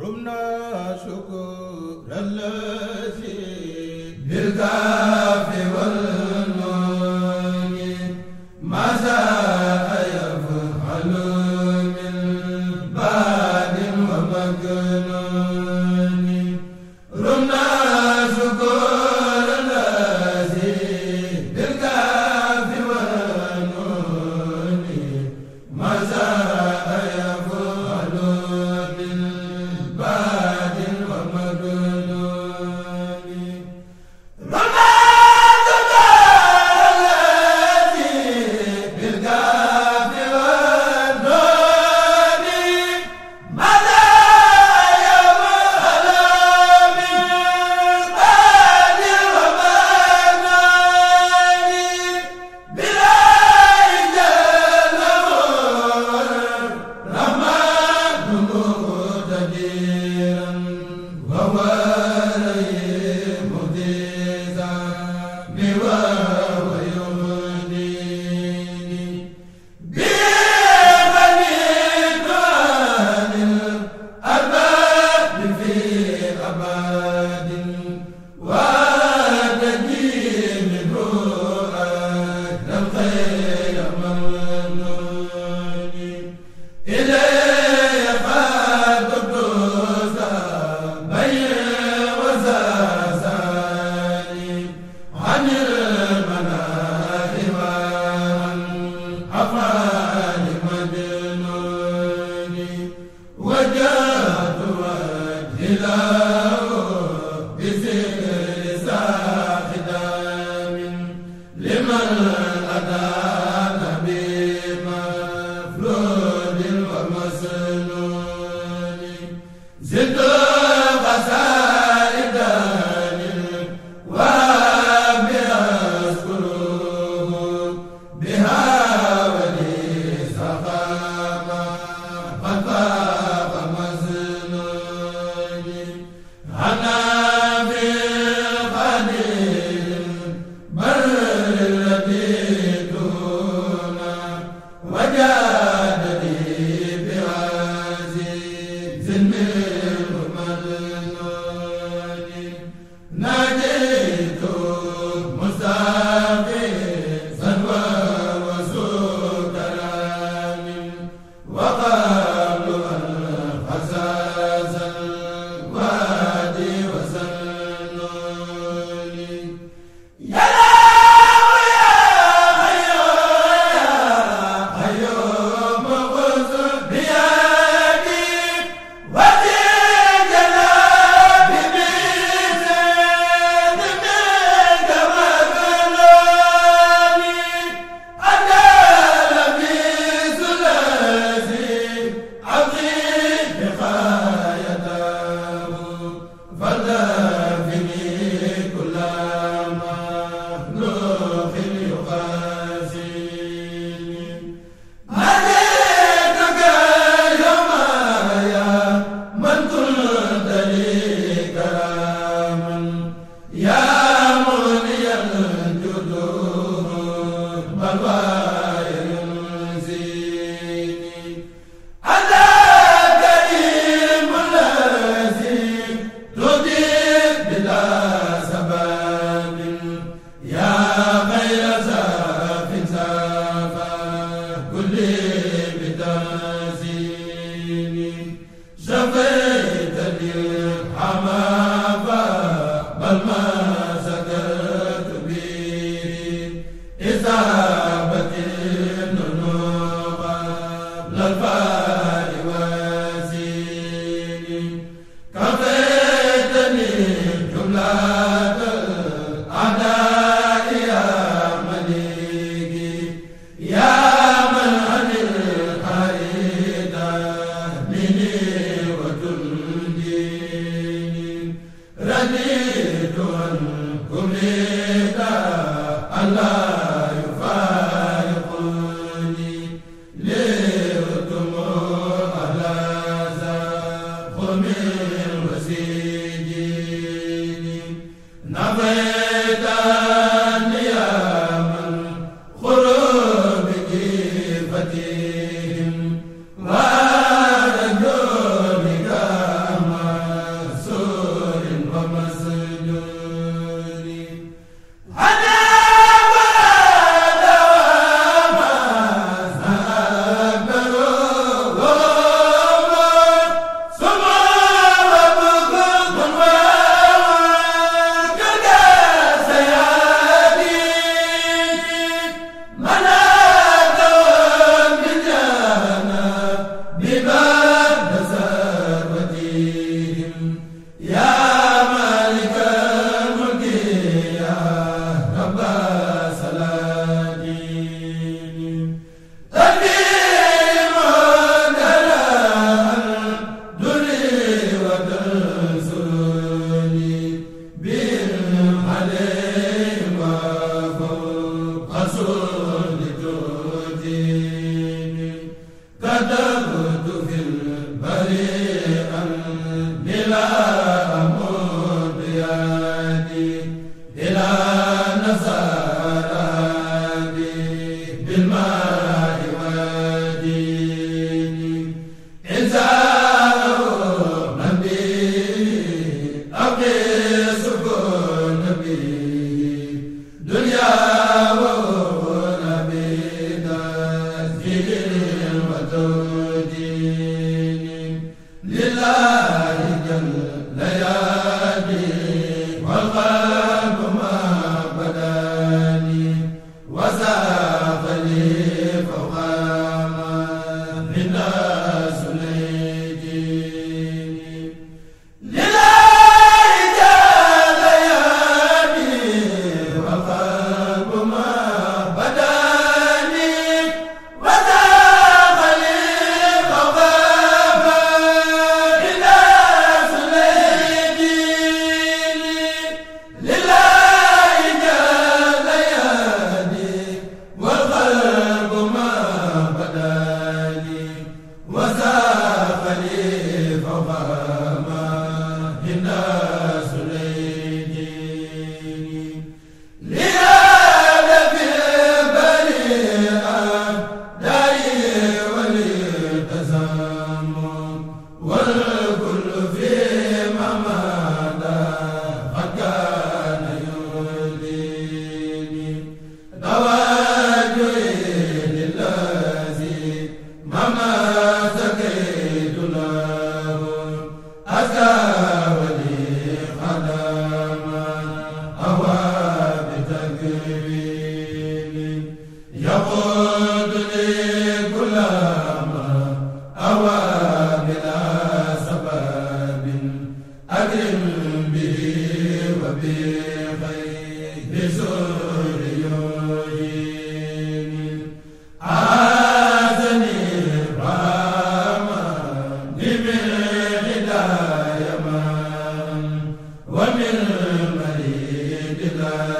رمنا شكر الذي Amen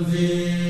ذي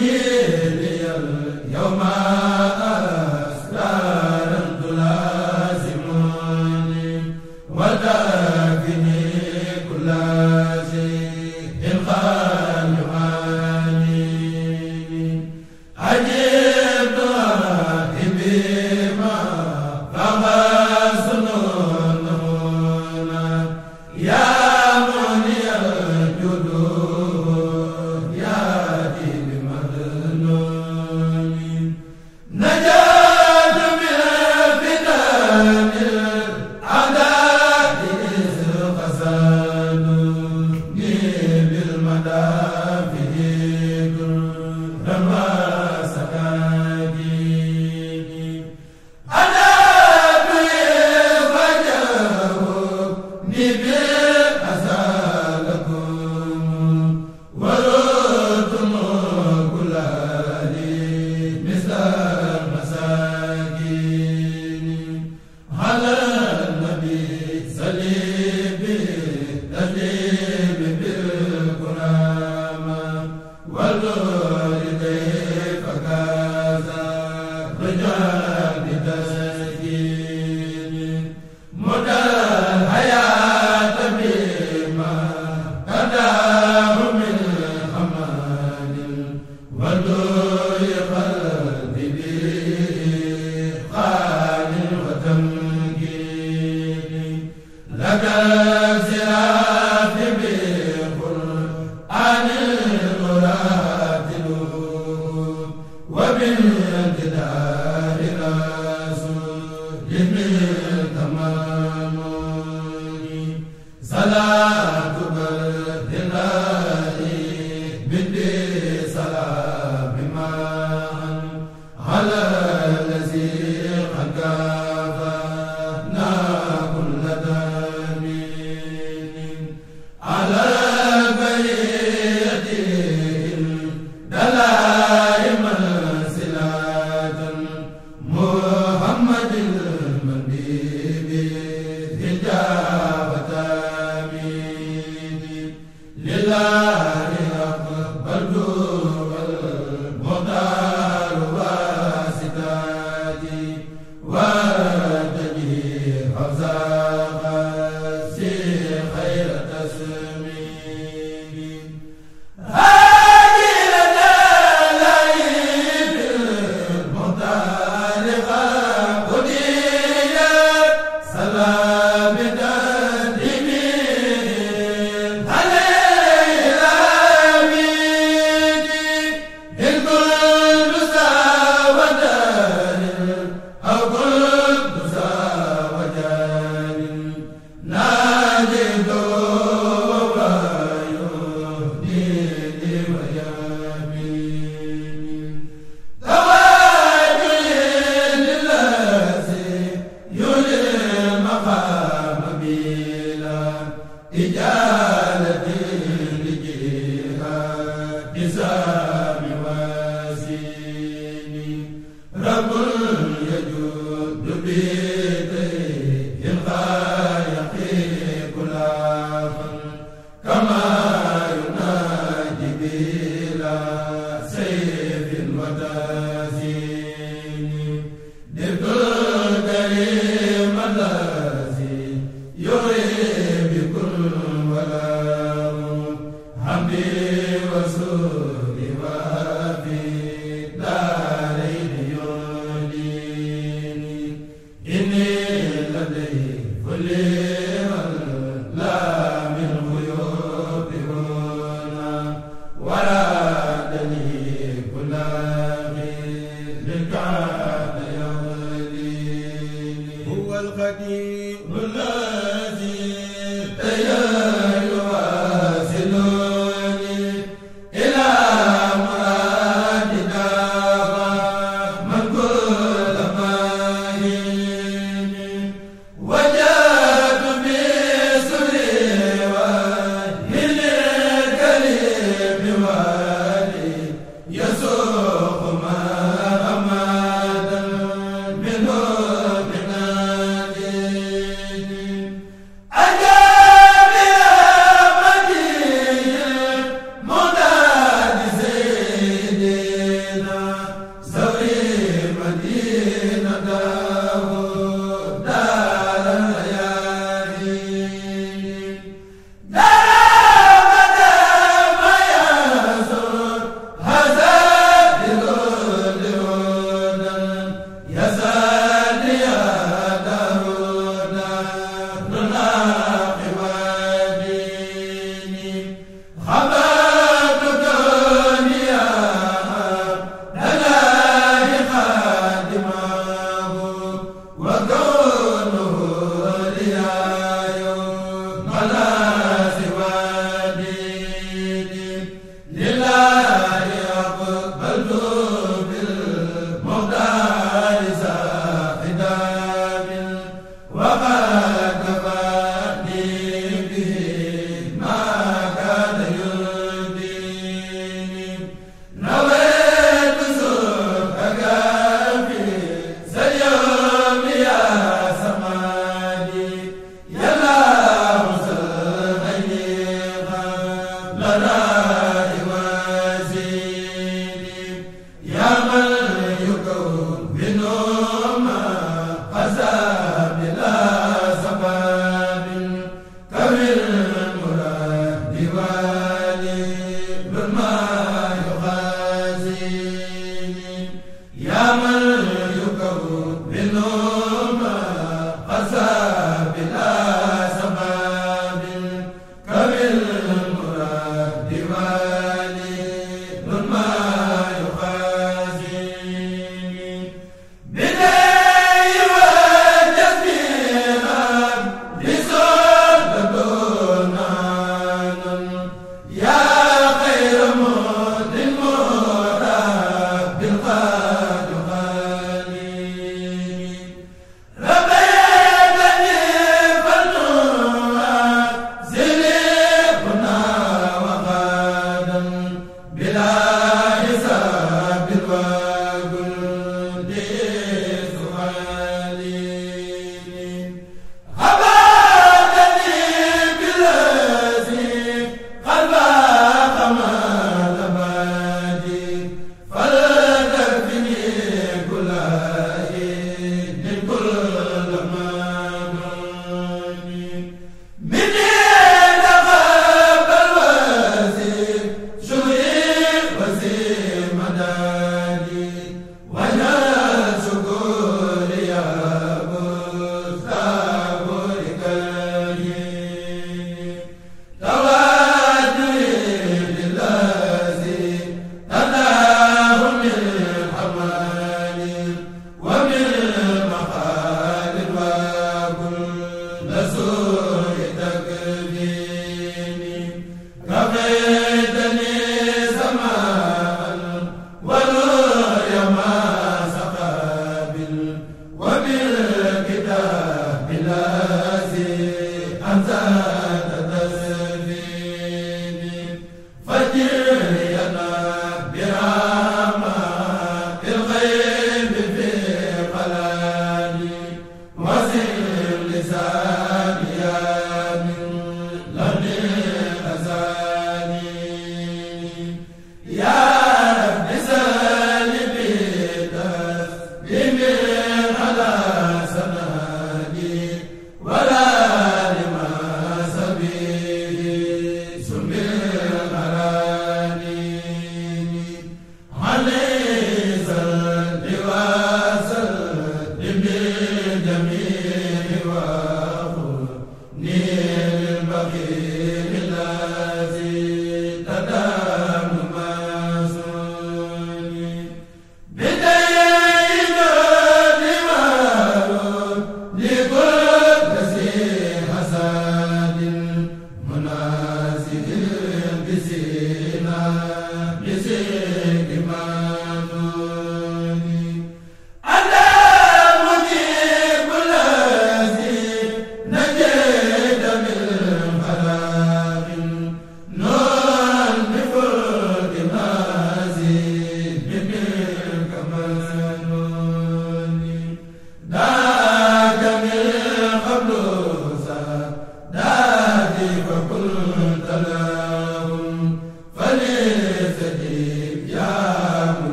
ji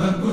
Akbar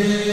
bi